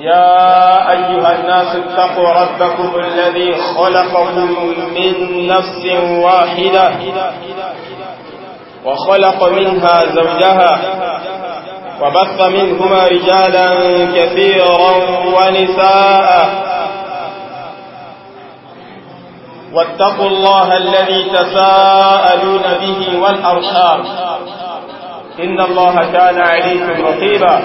يا أيها الناس اتقوا ربكم الذي خلقكم من نفس واحدة وخلق منها زوجها وبث منهما رجالا كثيرا ونساء واتقوا الله الذي تساءلون به والأرشام إن الله كان عليكم رقيبا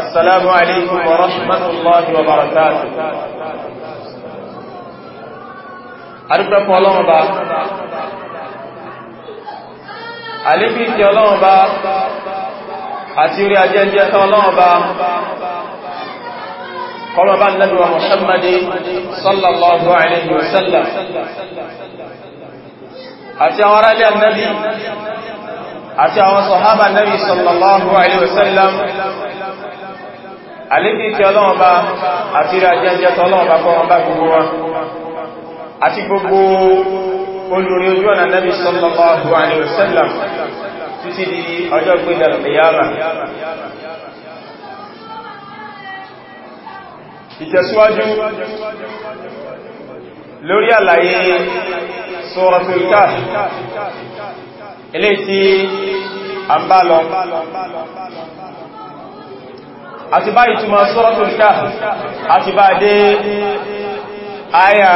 السلام عليكم ورحمة الله وبركاته àdúgbà fún ọlọ́run bá àlébí ti ọlọ́run bá àti orí ajẹ́jẹ́ tán ọlọ́run bá kọlọ̀ bá nẹ́bí wa mọ̀ṣánmàdé sallallahu alayhi wa sallam àti àwọn aráàlẹ́ nẹ́bí àti àwọn sọ̀hábà nẹ́bí sallallahu alayhi wa sallam àlékí tí ọlọ́wọ́n bá àti rí ajẹ́jẹ́ tọ́lọ́wọ́n bá kọ́wọ́n bá gbogbo wọn àti gbogbo olùrí ojú ọ̀nà Nabi sallallahu alaihi wasallam títí di ọjọ́ gbẹ́dẹ̀rẹ̀ ìyára ìtẹ̀síwájú lórí àlàyé Suratul Kahf ilé tí a ń bá lọ àti bá ìtumọ̀ Suratul Kahf àti bá dé àyà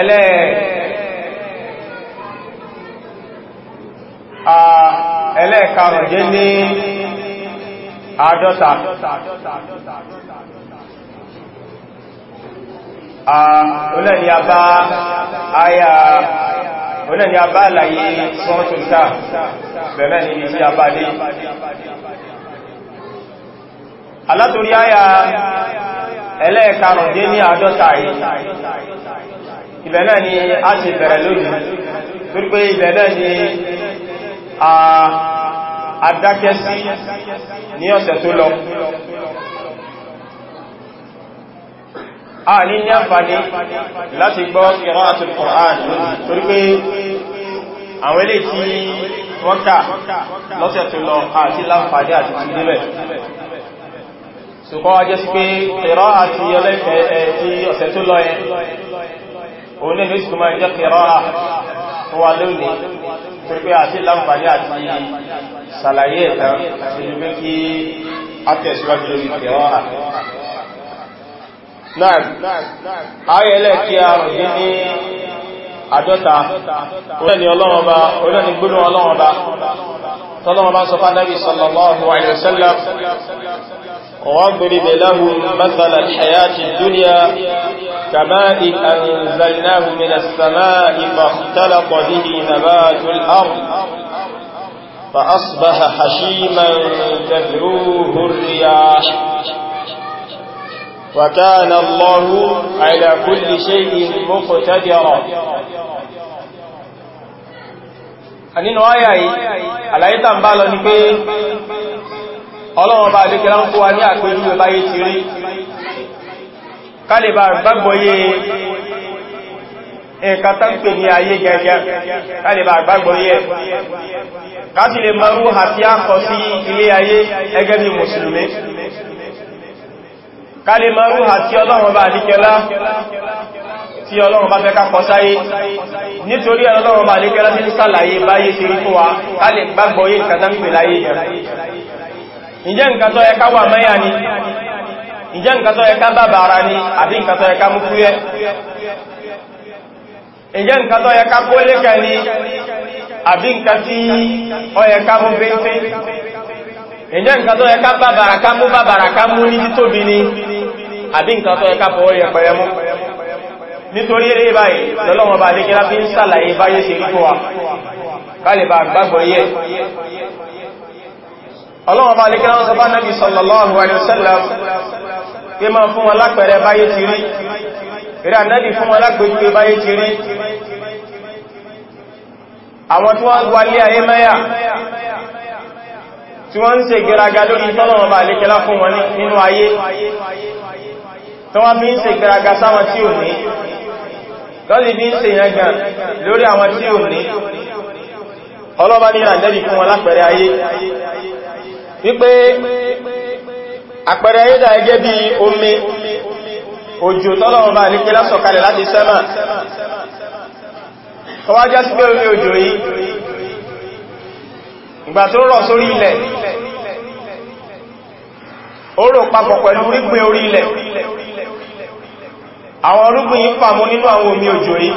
ẹlẹ́ ẹlẹ́ẹ̀karùn jẹ́ ní àádọ́ta ọ̀nà ni a bá àyà ọ̀nà a bá àlàyé Suratul Kahf bẹ̀rẹ̀ ni ibi tí alátorí àyà ẹlẹ́ẹ̀karùn-ún dé ní àádọ́ta yìí ibẹ̀ náà ni a ti bẹ̀rẹ̀ lónìí torí pé ibẹ̀ náà ni àdákẹ́ sí ní ọ̀sẹ̀ tó lọ a ní ní àǹfàní láti gbọ́ ìran àti Qur'an torí pé àwọn ilé tí wọ́n kà lọ́sẹ̀ tó lọ àti láǹfàní àti ti débẹ̀ ṣùkọ́ wá jẹ́ sí pé kìrọ́ àti ọlẹ́fẹ̀ẹ́ tí ọ̀sẹ̀ tó lọ yẹn òun ní méjì máa jẹ́ kìrọ́ wà lónìí tó pé àti láǹfààní àti sàlàyé ẹ̀tàn àti ìlú kí a tẹ̀síwájú lórí kìrọ́ náà ayẹ́lẹ́ واضرب لهم مثل الحياة الدنيا كماء أنزلناه من السماء فاختلط به نبات الأرض فأصبح حشيما تذروه الرياح وكان الله على كل شيء مقتدرا nínú ayà yìí àlàyé tàbí bá ọlọ́wọ́n bá lékẹ́lá ń kó wa ní àpẹẹrú ẹbá yé ti rí kálẹ̀bà gbàgbọ́yé ẹ̀ka tánkpé ní ayé gẹ́gẹ́ kálẹ̀bà gbàgbọ́yé káti lè marú àti àkọ sí ilé ayé ẹgẹ́ bí mùsùlùmí kálẹ̀ marú àti ọlọ́wọ́n bá lékẹ́lá tí ọlọ́run bá fẹ́ ká kọ sáyé nítorí ọlọ́run bá lékẹ́lá ní sàlàyé báyé ti rí fún wa ká lè gbàgbọ́ yé ìkàtàmì láyé yẹn ǹjẹ́ nǹkan tó yẹ ká wà mẹ́yà ni ǹjẹ́ nǹkan tó yẹ ká bàbàrà ni àbí nǹkan tó yẹ ká mú fúyẹ́ ǹjẹ́ nǹkan tó yẹ ká ni àbí nǹkan tí ó yẹ ká mú bẹ́ẹ̀fẹ́ ǹjẹ́ nǹkan tó yẹ ká bàbàrà ká mú bàbàrà ká mú ní títóbi ni àbí nǹkan tó yẹ fọwọ́ yẹ pẹ̀yẹ nítorí eré báyìí lọ́lọ́wọ́ bá lékẹ́lá fi ń sàlàyé báyé ṣe rí fún wa ká lè bá gbàgbọ́ yẹ ọlọ́wọ́ bá lékẹ́ láwọn sọpá náà sallallahu alaihi wasallam pé máa fún wọn lápẹẹrẹ báyé ti rí eré ànábì fún wọn lápẹẹrẹ báyé ti rí àwọn tí wọ́n wà lé ayé mẹ́yà tí wọ́n ń ṣe gẹ́raga lórí tọ́lọ́wọ́ bá lékẹ́lá fún wọn nínú ayé tí wọ́n fi ń ṣe wípé àpẹẹrẹ yídà ege bí omi òjò tọ́lọ̀wọ̀n bá nípe lásọ̀kalẹ̀ láti sẹ́mà tọwájá sí pé omi òjò yìí ìgbà tó rọ̀ sórí ilẹ̀ ó rò papọ̀ pẹ̀lú rígbìn orí ilẹ̀ àwọn irúgbìn yìí pàmú nínú àwọn omi òjò yìí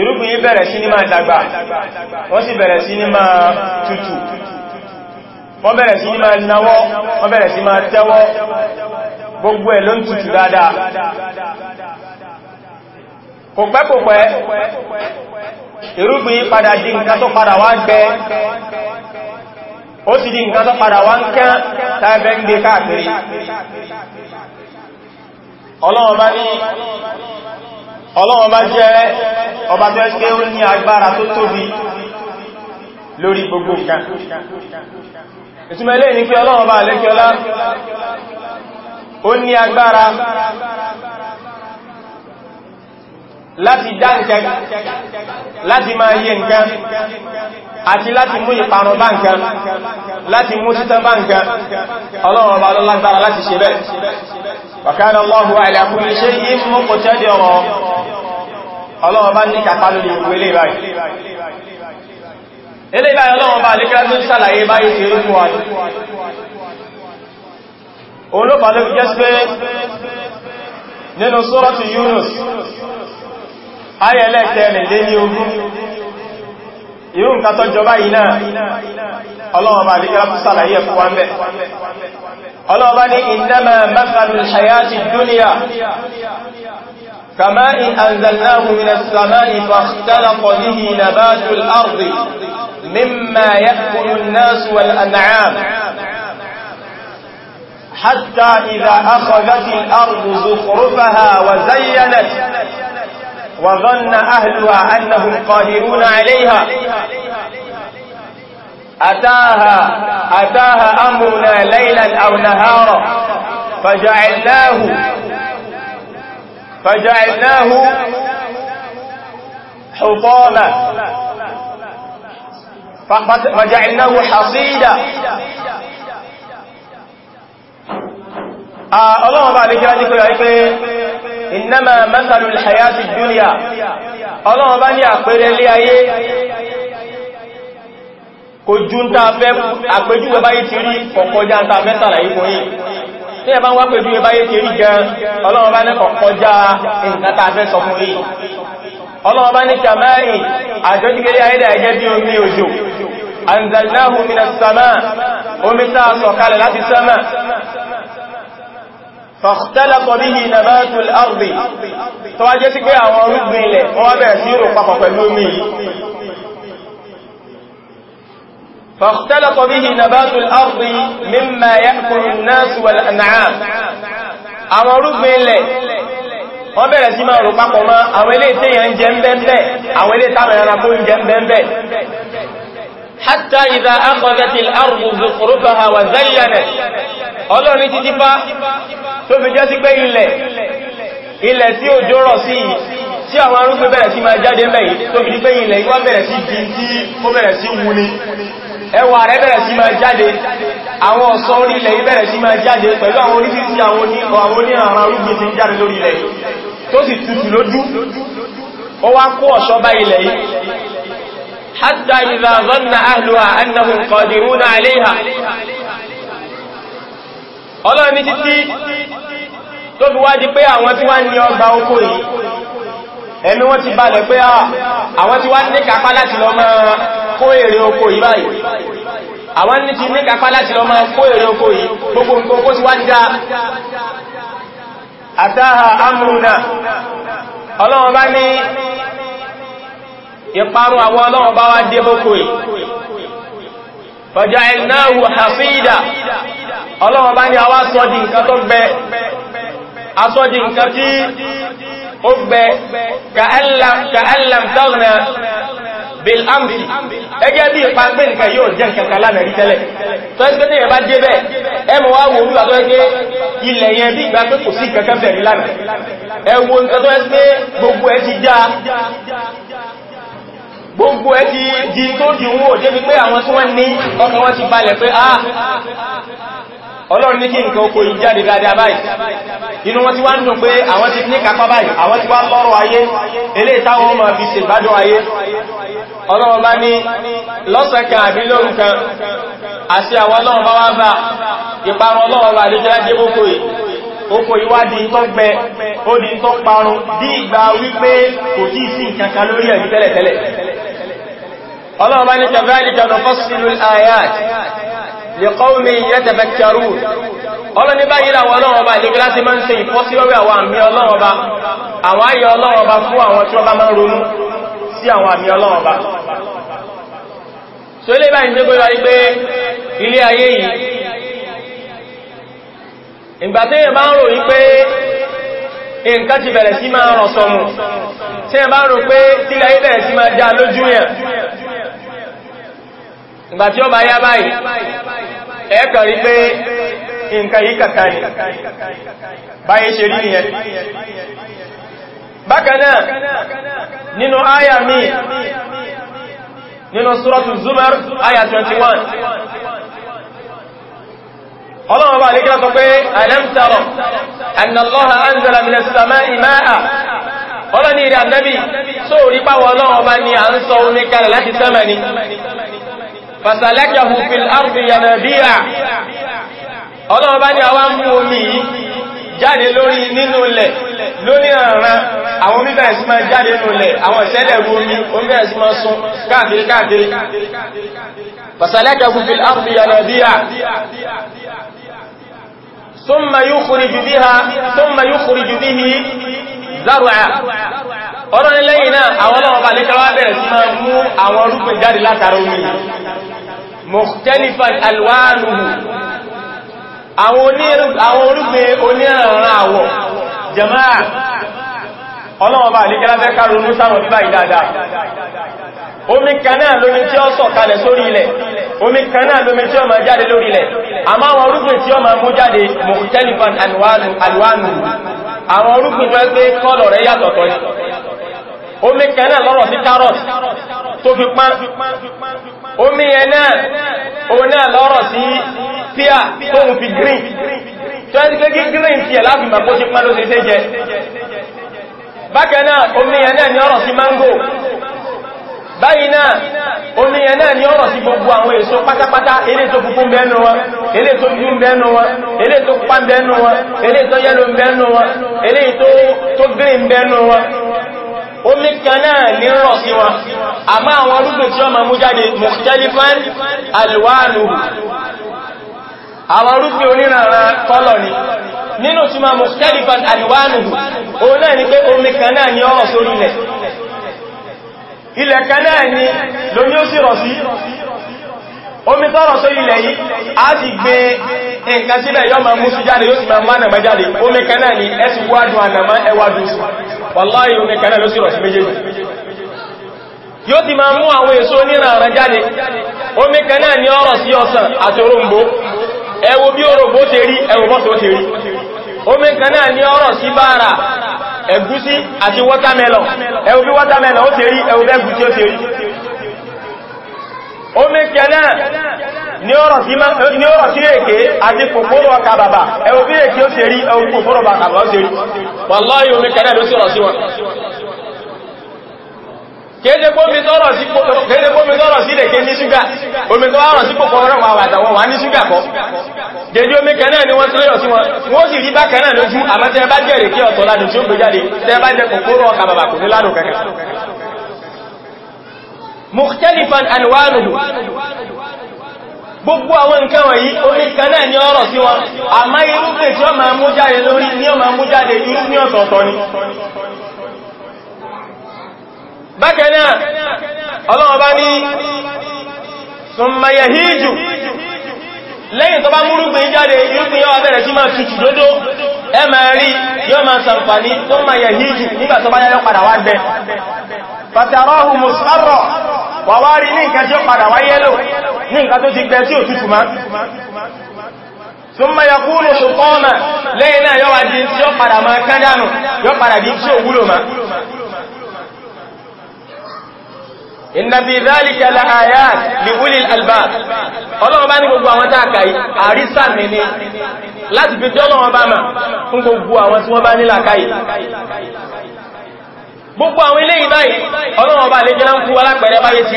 irúgbìn yìí bẹ̀rẹ̀ sí ní máa dàgbà wọ́n sì bẹ̀rẹ̀ sí ní máa tutù wọ́n bẹ̀rẹ̀ sí ní máa náwọ́ wọ́n bẹ̀rẹ̀ sí máa tẹ́wọ́ gbogbo ẹ̀ ló ń tutù dáadáa kò pẹ́ kò pẹ́ irúgbìn padà di nǹkan tó padà wá gbẹ ó ti di nǹkan tó padà wá ń kẹ́ tàbẹ́ ń gbé káàkiri ọlọ́wọ́n bá jẹ́ ọba tó ẹ́ pé ní agbára tó tóbi lórí gbogbo nǹkan ìtumọ̀ ilé ní kí ọlọ́run bá lè kí ọlá ó ní agbára láti dá nǹkan láti máa yé nǹkan àti láti mú ìparun bá nǹkan láti mú títán bá nǹkan ọlọ́run bá lọ́lágbára láti ṣe bẹ́ẹ̀ wa kana Allahu ala kulli shay'in muqtadira ọlọ́run bá ní kàtà lórí ìwé báyìí ilé ìbáyọ̀ lọ́wọ́n bá alékẹ́ tó sàlàyé báyìí sí orúkú wa ní olóòpàá ló fi jẹ́ pé nínú sọ́rọ̀tù Yunus ayẹ̀lẹ́ kẹrin lé ní ogún irú nǹkan tó jọba yìí náà ọlọ́wọ́n bá alékẹ́ tó sàlàyé ẹ̀kú كماء أنزلناه من السماء فاختلط به نبات الأرض مما يأكل الناس والأنعام حتى إذا أخذت الأرض زخرفها وزينت وظن أهلها أنهم قادرون عليها أتاها أتاها أمرنا ليلا أو نهارا فجعلناه فجعلناه حطاما فجعلناه حصيدا ọlọ́wọ́ bá alékí láti kúrò wípé ìnáma mẹ́sàlù ìhàyàtì dúnìyà ọlọ́wọ́ bá ní àpẹẹrẹ lé ayé kò jù ń ta fẹ́ àpẹjúwẹ́ báyìí ti rí ọkọjá ń ta mẹ́sàlù ìkùnrin tí ẹ bá ń wá pẹ̀lú ẹbá yé kiri gan ọlọ́run bá ní kọ̀kọjá nǹkan tàà fẹ́ sọ fún yìí ọlọ́run bá ní kàmáàrì àjọ́jígẹ́lẹ́ ayédà ẹgẹ́ bí omi òjò anzalnahu minas فاختلط به نبات الأرض مما يأكل الناس والأنعام àwọn من ilẹ̀ wọ́n bẹ̀rẹ̀ sí máa rò papọ̀ máa àwọn ilé tí yẹn ń jẹ mbẹ́mbẹ́ àwọn ilé táwọn ẹranko ń jẹ mbẹ́mbẹ́ حتى إذا أخذت الأرض زخرفها وزينت ọlọ́rin títí fá tó fi jẹ́ sí pé ilẹ̀ ilẹ̀ tí ó jọ́rọ̀ sí tí àwọn arúgbìn bẹ̀rẹ̀ sí máa jáde mẹ́yìn tó fi di pé ilẹ̀ ìwá bẹ̀rẹ̀ sí di tí ó bẹ̀rẹ̀ sí wuni ẹwà rẹ̀ bẹ̀rẹ̀ sí máa jáde àwọn ọ̀sán orí ilẹ̀ yìí bẹ̀rẹ̀ sí máa jáde pẹ̀lú àwọn oríṣìí àwọn oníhàrá orúgbìn ti ń jáde lórí ilẹ̀ tó sì tutù lójú ó wá kó ọ̀ṣọ́ bá ilẹ̀ yìí hatta idha dhanna ahluha annahum qadiruna alayha ọlọ́run ní ẹ̀mí wọ́n ti balẹ̀ pé ah, àwọn tí wọ́n ní kápá láti lọ máa kó èrè oko yìí báyìí àwọn ní ti ní kápá láti lọ máa kó èrè oko yìí gbogbo nǹkan ti wá ń dá àtàhà amúrúnà ọlọ́wọ́n bá ní ìparun àwọn ọlọ́wọ́n bá wá dé bókò ì nǹkan tí ó bil amri ẹgẹ́ bí ipa pé nǹkan yóò jẹ́ nǹkan kan lánàrí tẹ́lẹ̀ tó ẹgbẹ́ tí yẹn bá dé bẹ́ ẹmọ wá wo olúwa tó ẹgbẹ́ ilẹ̀ yẹn bí ìgbà pé kò sí kankan bẹ̀rẹ̀ lánàá ẹwọ nǹkan tó ẹgbẹ́ gbogbo ẹ ti já gbogbo ẹ ti di tó di owó jẹ́ pé àwọn tí wọ́n ní ọkàn wọn ti balẹ̀ pé ah, ọlọ́run ní kí nǹkan oko ìjáde dáadáa báyìí inú wọn ti wá ń dùn pé àwọn ti ní kápá báyìí àwọn ti wá lọ́rọ̀ ayé eléyìí táwọn ọmọ fi ṣègbádùn ayé ọlọ́run bá ní lọ́sẹ̀kan àbí lóhun kan àti àwọn ọlọ́run bá wá bá ìparun ọlọ́run bá lè jẹ́lájé oko yìí oko liqawmi yatafakkarun ọlọ́ni báyìí làwọn ọlọ́wọ́ bá ilé gíláṣí máa ń ṣe ìfọ́síwẹ́wẹ́ àwọn àmì ọlọ́wọ́ bá àwọn ayé ọlọ́wọ́ bá fún àwọn tí wọ́n bá máa ronú sí àwọn àmì ọlọ́wọ́ bá so ilé báyìí tó gbéra wípé ilé ayé yìí ìgbà tí èyàn bá ń rò wípé nǹkan ìgbà tí ó bá yá báyìí ẹ̀ẹ́kàn rí pé nǹkan yí kàkà ní báyé ṣe rí nìyẹn bákanáà nínú àyà mi nínú suratu zumar àyà 21 ọlọ́wọ́ bá lè kí lọ́sọ pé alam tara anna Allaha anzala minas samaa'i maa'an ọlọ́ni ìrìn ànẹ́bì sóòrí pàwọ̀ ọlọ́wọ́ bá ní à ń sọ omi láti sẹ́mẹ̀ ni fasalakahu fil ardi yanabiya ọlọ́run bá ní àwa ń mú omi yìí jáde lórí nínú ilẹ̀ lórí ọ̀ràn àwọn omi bẹ̀rẹ̀ sí máa jáde nínú ilẹ̀ àwọn ìṣẹ́lẹ̀ omi omi bẹ̀rẹ̀ sí máa sun káàkiri káàkiri fasalakahu fil ardi yanabiya thumma yukhriju biha thumma yukhriju bihi zarua ọ̀rọ̀ ni lẹ́yìn náà àwọn ọlọ́wọ́ bá lẹ́kọ́ wá bẹ̀rẹ̀ sí máa mú àwọn orúgbìn jáde látara omi mukhtalifan alwanuhu àwọn orúgbìn oníranran àwọ̀ jama'a ọlọ́wọ́ bá lẹ́kọ́ lábẹ́ kárò mú sáwọn bíbá ìdáadáa omi kan náà lómi tí ó sọ̀kalẹ̀ sórí ilẹ̀ omi kan náà lómi tí ó máa jáde lórí ilẹ̀ àmọ́ àwọn tí ó máa mú jáde mukhtalifan alwanuhu àwọn orúgbìn tó ẹgbẹ́ kọ́lọ̀ rẹ̀ yàtọ̀tọ̀ ni omi kẹ́nà lọ́rọ̀ sí carrot tó fi pán omi ẹ̀nà oná lọ́rọ̀ sí píà tó ń fi green tó ẹni pé green ti ẹ̀ láti mọ̀ kó ṣe pán ló ṣe jẹ́ bákan omi ẹ̀nà ni ọ̀rọ̀ sí mango báyìí náà omi ẹ̀ náà ni ọ̀rọ̀ sí gbogbo àwọn èso pátápátá ilé tó funfun bẹ́ẹ̀nu wọn ilé tó dúdú bẹ́ẹ̀nu wọn ilé tó pupa bẹ́ẹ̀nu wọn ilé wọn tó wọn omi kan náà ní rọ̀ sí àwọn tí wọ́n ma mú jáde àwọn kọ́lọ̀ ni nínú tí ma òun náà ni pé omi kan náà ní ọ̀rọ̀ ilẹ̀ kanáà ni lóní ó sì rọ̀ sí omi tọ́rọ̀ tó ilẹ̀ yìí a ti gbé nǹkan sílẹ̀ yọ ma mú sí jáde yóò sì ma mú ànàmà jáde omi kanáà ni ẹ sì wádùn ànàmà ẹwádùn sí wàláyé omi kanáà ló sì rọ̀ sí méjèèjì yóò ti ma mú àwọn èso níra àrán jáde omi kanáà ni ọ̀rọ̀ sí ọsàn àti òròmbó ẹ wo bí òròmbó ṣe rí ẹ wo bọ́sọ̀ ṣe rí omi kan náà ní ọ̀rọ̀ sí bára ẹ̀gúsí àti watermelon ẹ̀wù bí watermelon ó ti rí ẹ̀wù bẹ́gù tí ó ti rí omi kan náà ní ọ̀rọ̀ sí èké àti kòkòrò ọkà bàbà ẹ̀wù bí èké ó ti rí ẹ̀wù bàbà ó ti wallahi omi kan náà kéde kó mi tọ́rọ̀ sí kéde kó mi tọ́rọ̀ sí lèké ní ṣúgà omi tó wárọ̀ sí pòpọ̀ ọ̀rọ̀ wà wàtàwọ̀ wà ní ṣúgà kọ́ gẹ̀ẹ́dí omi kanáà ni wọ́n tílẹ̀rọ̀ sí wọn wọ́n sì rí bákanáà lójú àmọ́tẹ́ bá jẹ́ rèké ọ̀tọ̀ ládùn tí ó gbéjáde tẹ́ bá jẹ́ kòkòrò ọkà bàbà kò ní ládùn kankan mukhtalifan alwanuhu gbogbo àwọn nǹkan wọ̀nyí omi kanáà ni ọ̀rọ̀ sí wọn àmá irúgbìn tí ó máa mú jáde lórí ní ó máa mú jáde irú ní ọ̀tọ̀ọ̀tọ̀ ni bákan náà ọlọ́wọ́ bá ní summa yahiju lẹ́yìn tó bá múrúgbìn jáde irúgbìn yọ́ abẹ́rẹ̀ tí máa tutù dódó ẹ rí yọ́ máa sàǹfàní tó bá yáyọ́ padà wá gbẹ fatarahu musarra di tí ó padà máa dánù di tí wúlò inna fi dhalika la ayat li ulil albab ọlọ́run bá ní gbogbo àwọn táàkà yìí àrísà mi ní láti fi jọ́ lọ́wọ́ bá mà fún gbogbo àwọn tí wọ́n bá nílà káyì gbogbo àwọn ilé ìbáyì ọlọ́run bá lè jẹ́ ń fún alápẹ̀rẹ báyé ti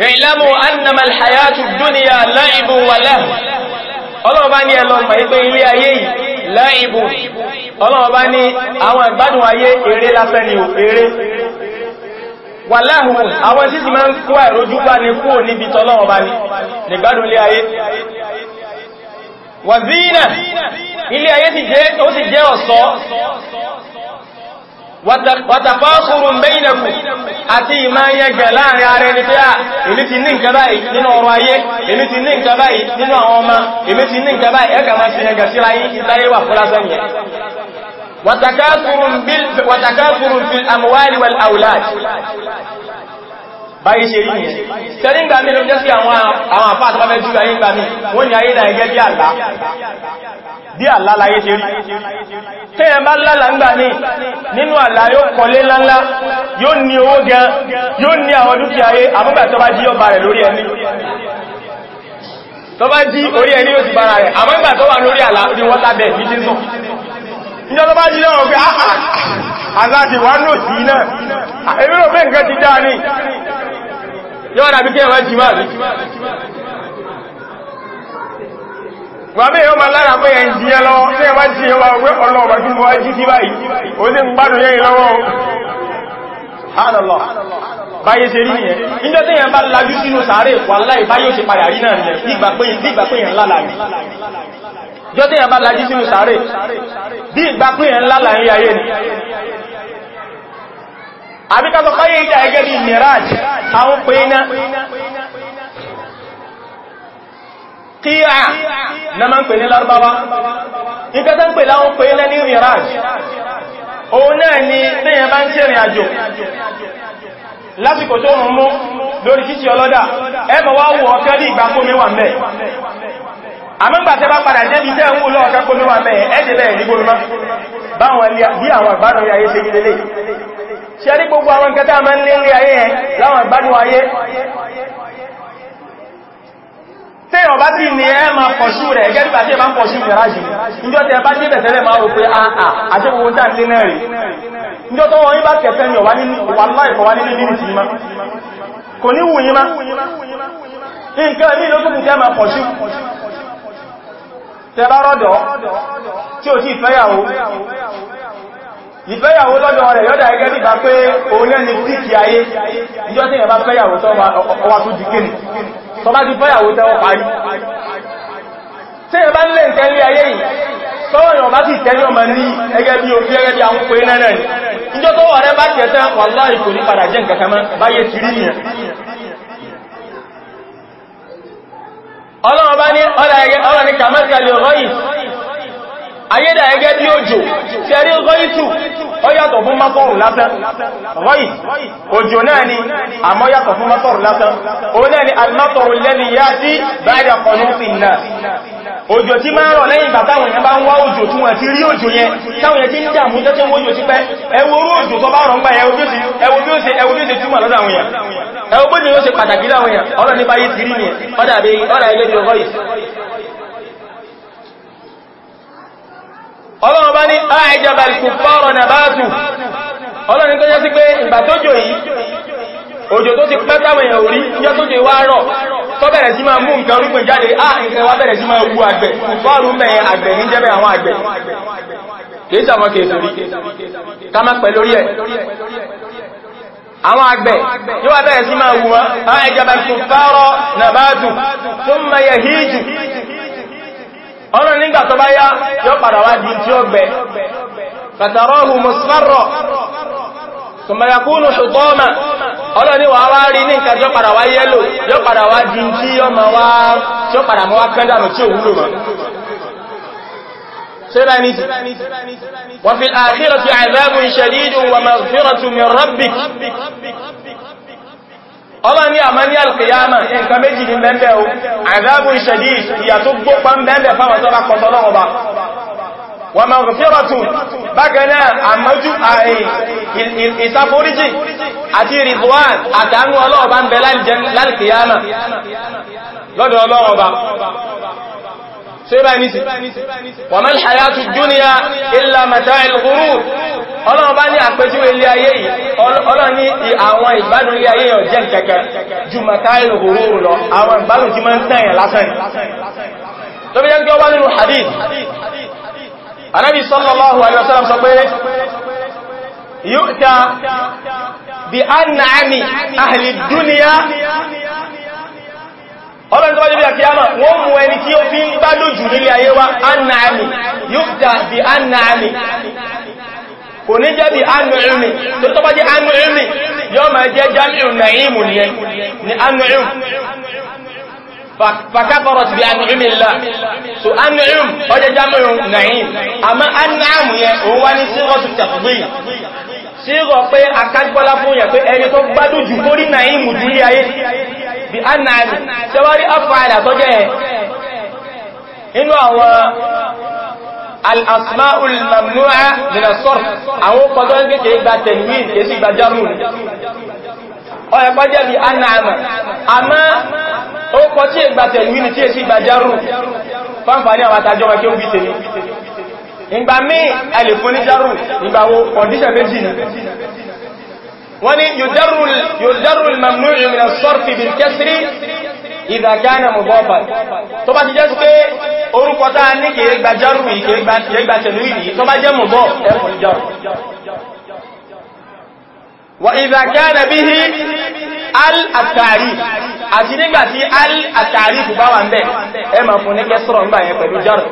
اعلموا أنما الحياة الدنيا لعب وله ọlọ́wọ́ bá ní ẹlọ ìmọ̀ ìpé ilé ayé yìí láìbù ọlọ́wọ́ bá ní àwọn ìgbádùn ayé eré lásán ni ò eré wà láhùn àwọn tí sì máa ń kó àìrójú bá ní kúrò níbi tọ́lọ́wọ́ wàtàfáàkùrù bẹ́ìnàkù àti ìmáyẹgẹ̀ láàrin ara ẹni pé à èmi ti ní nǹkan báyìí nínú ọrọ̀ ayé èmi ti ní nǹkan báyìí nínú àwọn ọmọ èmi ti ní nǹkan báyìí ẹgbà máa ṣe ẹgẹ̀ sí láyé wà fúlásán báyìí ṣe rí ní tẹ́lẹ̀ ń gbà mí ló jẹ́ sí àwọn àfá àtàbàbẹ́ jù ayé ń gbà mí wọ́n ni ayé náà gẹ́ bí àlá bí àlá láyé ṣe rí tẹ́yẹ bá lálà ń gbà mí nínú àlá yóò kọlé lánlá yóò ní owó gan yóò ní àwọn dúkìá ayé àbúgbà tó bá jí ọba rẹ̀ lórí ẹni tó bá jí orí ẹni yóò ti bára rẹ̀ àmọ́ ìgbà tó wà lórí àlá ní wọ́n lábẹ́ ìfíjínsùn ìjọba bá jí náà pé aláti ah, ah, wà ní òsì náà èmi rò pé nǹkan ti dá ní yọ́ dàbí kí ẹwà jìmá rí wà bí yọ́ ma lára pé ẹ̀ ń jí ẹ lọ́wọ́ tí ẹwà jí ẹwà pé ọlọ́ọ̀bà tí wọ́n jí sí báyìí ó ní ń gbádùn lẹ́yìn lọ́wọ́ Subhanallah báyé ṣe rí yẹn níjọ́ tí yẹn bá lajú sínú sàárè wàláhì báyé ó ṣe padà rí náà jọ́ tí yẹn lajú sínú sàárè bí ìgbà pé ẹ̀ ńlá ni àbíkàtọ̀ káyé ìjà ẹgẹ́ bí miraj àwọn na máa ń pè ní lárúbáwá ìkẹta ń pè láwọn pé iná ní òun náà ni tẹ́yẹn bá ń ṣe ìrìn àjò lásìkò tó mú lórí títí ọlọ́dà ẹ àmọ́gbàtẹ́ bá padà jẹ́ ìṣẹ́ ń wò lọ́wọ́ kápò níwà mẹ́ ẹ̀dẹ̀ bẹ̀rẹ̀ ní gbogbo báwọn bí àwọn àgbádùn ayé ṣe nílé ṣe rí gbogbo àwọn kẹta àmọ́ ń lé ní ayé ẹ̀ láwọn àgbádùn ayé tí ọ̀ bá sì ní ẹ ma pọ̀ṣù rẹ̀ gẹ́rí bá tí ẹ ma ń pọ̀ṣù ìrà jù níjọ́ tẹ bá ah, ah, jẹ́ bẹ̀tẹ̀lẹ̀ máa tẹbá rọ́dọ̀ tí ò tí ìfẹ́yàwó ìfẹ́yàwó lọ́dọ̀ rẹ̀ yọ́dà ẹgẹ́ nígbà pé òun lẹ́ni síkì ayé ìjọ́ tí ìyẹ̀bá fẹ́yàwó tọ́ wa tó dìkínì tọ́ bá ti fẹ́yàwó tẹ́wọ́ parí tí ìyẹ̀bá ń lè ń tẹ́lé ayé yìí tọ́wọ́ ìyàn bá sì tẹ́lé ọmọ ní ẹgẹ́ ọlọ́run bá ní ọ̀rọ̀ ní kàmẹ́sàlẹ̀ ọ̀rọ̀yìn ayédà ẹgẹ́ bí òjò tí a rí ọgọ́yìtù ó yàtọ̀ fún mọ́tọ̀rù lásán rọ́yìn òjò náà ni àmọ́ yàtọ̀ fún mọ́tọ̀rù lásán ó náà ni almọ́tọ̀rù lẹ́ni yá sí báyà kọ̀núfin náà òjò tí máa rọ̀ lẹ́yìn bàbá àwọn èèyàn bá ń wá òjò tí wọ́n ti rí òjò yẹn táwọn èèyàn ti ń dààmú tẹ́tẹ́ wójò ti pẹ́ ẹwọ orú òjò tó bá rọ̀ ń gbà ẹwọ bí ó ṣe túmọ̀ lọ́dọ̀ àwọn èèyàn ẹwọ́ pé ní ó ṣe pàtàkì láwọn èèyàn ọlọ́ nípa yìí ti rí ní ọdàbí ọ̀rà ẹgbẹ́ ìjọ voice ọlọ́run bá ní àìjọba ìkùnfọ́rọ̀ nà bá tù ọlọ́run tó jẹ́ sí pé ìgbà tó jò yìí òjò tó ti pẹ́ táwọn orí jẹ́ tó jò wá tó bẹ̀rẹ̀ sí máa mú nǹkan rúgbìn jáde á nǹkan wá bẹ̀rẹ̀ sí máa wu àgbẹ̀ fọ́ọ̀rù mẹ́ àgbẹ̀ ní jẹ́bẹ̀ àwọn àgbẹ̀ kìí àwọn àgbẹ̀ yóò wà bẹ̀rẹ̀ sí máa wù wọn ẹjọba kùfàárọ̀ nàbátù tó mẹ́yẹ hìjù ọ̀nà nígbà tó bá yá yóò padà wá di tí ó gbẹ fàtàrọ́hù musfarọ̀ tùmọ̀yàkúnù ṣùtọ́ọ̀mà ọlọ́ni wà wá rí ní tí ó padà wá yẹ́lò yóò padà wá di tí ó padà mọ́ wá kẹ́dànù tí ò wúlò mọ́ سرانيس وفي الآخرة عذاب شديد ومغفرة من ربك ọlọ́run ní àmà ní alkiyama nǹkan méjì ní mẹ́mẹ́ o àdábù ìṣẹ̀dí ìyà tó gbópa ń bẹ́ẹ̀bẹ̀ fáwọn tó bá kọtọ lọ́wọ́ bá wọ́n ma rùfẹ́rọ̀ tún bákanáà àmójú ààrin àti rizwan àtàánú sẹ́bàánísì wa mal hayatu dunya illa mata'il ghurur ọlọ́run bá ní àpẹjúwé ilé ayé yìí ọlọ́run ní àwọn ìgbádùn ilé ayé yàn jẹ́ kẹ̀kẹ́ ju mata'il ghurur lọ àwọn ìgbádùn tí máa ń tẹ̀yàn lásán tó bí jẹ́ kí ó wá nínú hadith ọlọ́run tó bá jẹ́ bí àkíyàmà wọ́n mú ẹni tí ó fi ń bá lójú nílé ayé wa annaami yóò dà bí annaami kò ní jẹ́ bí annuumi tó tó bá jẹ́ annuumi yóò máa jẹ́ jamiu naimu ni ẹn ni annuum fàkàfọ́rọ̀ sí bí annuumi lá so annuum ó jẹ́ jamiu naimu àmọ́ annaamu yẹn òun wá ní sí sí rọ pé akájúpọ́lá fún yẹ̀ pé ẹni tó gbádùn jù kórí nàímù jù ilé ayé bí a nàímù tẹwárí afáàlà tó jẹ́ inú àwọn al'asma'ul mamnu'a nínà sọ́rọ̀ àwọn pọ̀tọ́ ń kéèkéé gba tẹ̀lúwìn kéè sí gba jámùn ọ̀yẹ̀pá jẹ́ bí a nàímù àmá ó kọ tí è ìgbà míì alìfún ní járù ìgbàwó condition méjì ni wọ́n ni yóò mamnu min as-sarfi bil kasri idha kana mudafan tó bá ti jẹ́ pé orúkọ táa ní kìí gba járù ìkìí gba tẹ̀lú àti nígbàtí al-tàrífù bá wà ń bẹ̀ ẹ máa fún ní kẹsọ̀rọ̀ ń bà yẹn pẹ̀lú járù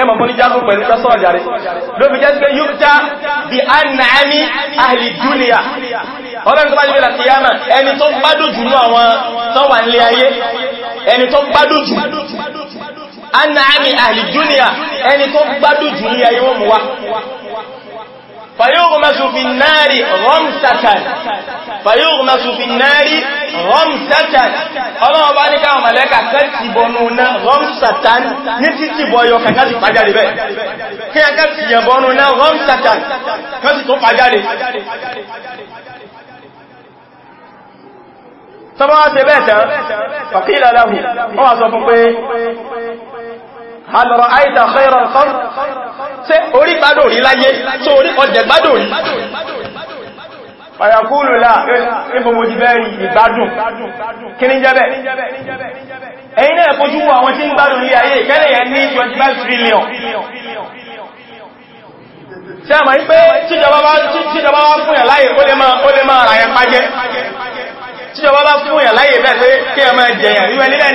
ẹ máa fún ní járù pẹ̀lú kẹsọ̀rọ̀ jàrí ló fi jẹ́ pé yúta bí a nàámi ahli dúnìyà ọlọ́rin tó bá jẹ́ látíyàmà ẹni tó gbádùn jù ní àwọn tó wà فيغمس في النار غمسة فيغمس في النار غمسة ọlọ́wọ́ bá ní káwọn mẹ́lẹ́kà kẹ́ ti bọnú náà rọ́msàtàn ní títí bọ yọ kàkà ti pàjáde bẹ́ kí a kẹ́ ti yẹ bọnú náà rọ́msàtàn kẹ́ ti tó pàjáde tọ́bọ́ wá ṣe bẹ́ẹ̀ tán fàkílà láhùn àlọ́rọ̀ àìta ọ̀kọ́ ṣe orí gbádùn rí láyé tó orí ọjẹ̀ gbádùn rí ọ̀yàkúrù láà ìbòmòdì bẹ́ẹ̀rì ìgbádùn kí ní jẹ́bẹ̀ ẹ̀yìn náà fojú àwọn tí ń gbádùn ní ayé ìkẹ́lẹ̀ yẹn ní 25 trillion ṣe àmà wípé tíjọba bá fún ẹ̀ láyé ó lè máa ràyẹ pàjẹ́ tíjọba bá fún ẹ̀ láyé bẹ́ẹ̀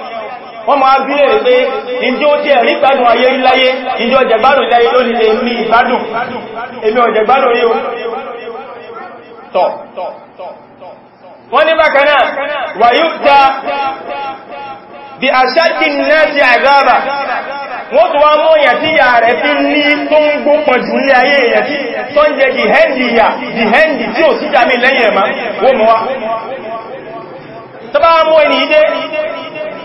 wọ́n máa bí lè pé ìjọ tí ẹ̀ rí gbádùn ayé láyé ìjọ jẹ̀gbádùn láyé lónìí lè ní ìgbádùn èmi ọ̀jẹ̀gbádùn rí o tọ̀ wọ́n ní bákaná wà yóò ta bí àṣájì náà ti àgbàbà wọ́n tó wá mọ́ èyàn tí ìyà rẹ̀ fi ní tó ń gbópọn jù ní ayé èyàn tí tó ń jẹ dìhẹ́ndì ìyà dìhẹ́ndì tí ò síjàmí lẹ́yìn ẹ̀má wó mọ́ wá tó bá mọ́ ẹni ìdé